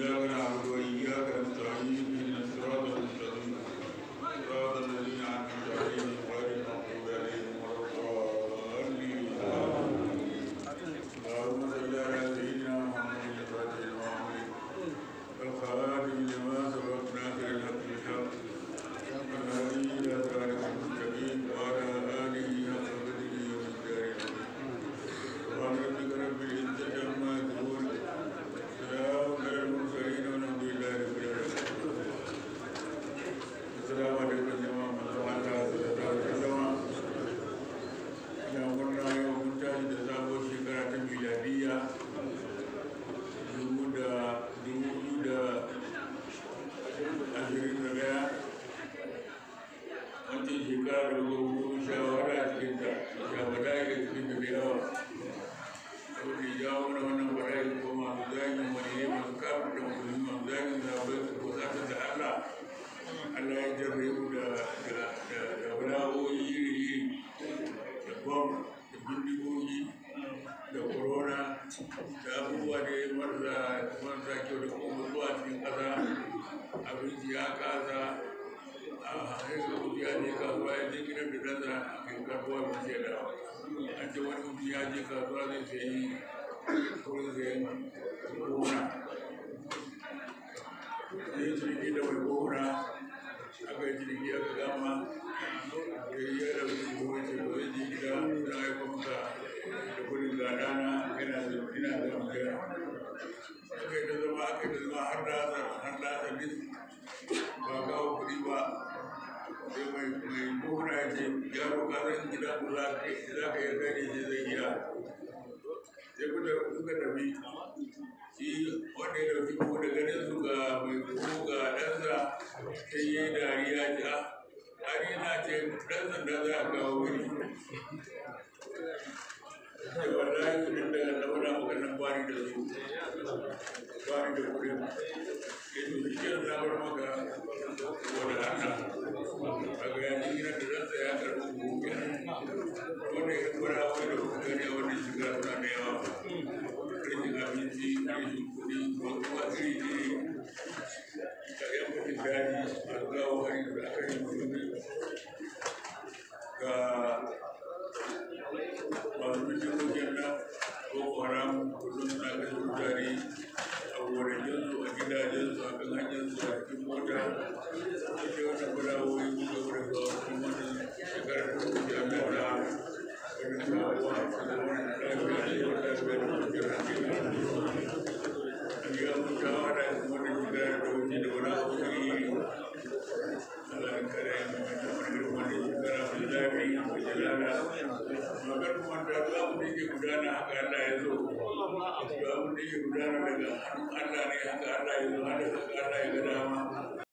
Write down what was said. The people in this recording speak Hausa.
Good. abubuwa da marasa kyau da kuma mutuwa cikin kasa abinci ya kasa a haifar mutu je kasuwa ya je gidan da dasa a kan kasuwa mai shaida an ce wani mutu ya je kasuwa zai sayi kurin sayan gona ya yi ciniki da mai gona aka yi ciniki aka gama ya yi yadda mutu ko ya ce ko zai je gida za a yi da kudin yana zama ina da magana aka yi da zama aka yi da zama har da ba ba ga gone into gone into putting in whichever number of what happened. Again, you know, the answer to who can put it for our journey over this graph and now. Raising up in the raising putting both of us. I am putting values, but now I am Kerana kerana mungkin kita nak kerana itu. దేవుడికి ఉదాహరణగా అన్న అన్న అన్న అన్న